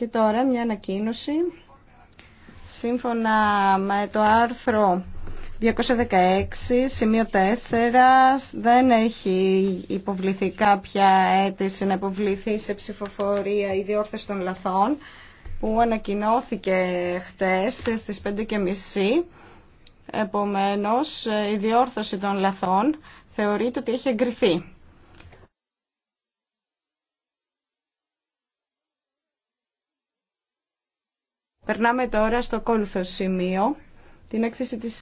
Και τώρα μια ανακοίνωση. Σύμφωνα με το άρθρο 216, σημείο 4, δεν έχει υποβληθεί κάποια αίτηση να υποβληθεί σε ψηφοφορία η διόρθωση των λαθών που ανακοινώθηκε χτες στις 5.30. Επομένως, η διόρθωση των λαθών θεωρείται ότι έχει εγκριθεί. Περνάμε τώρα στο κόλθο σημείο, την έκθεση της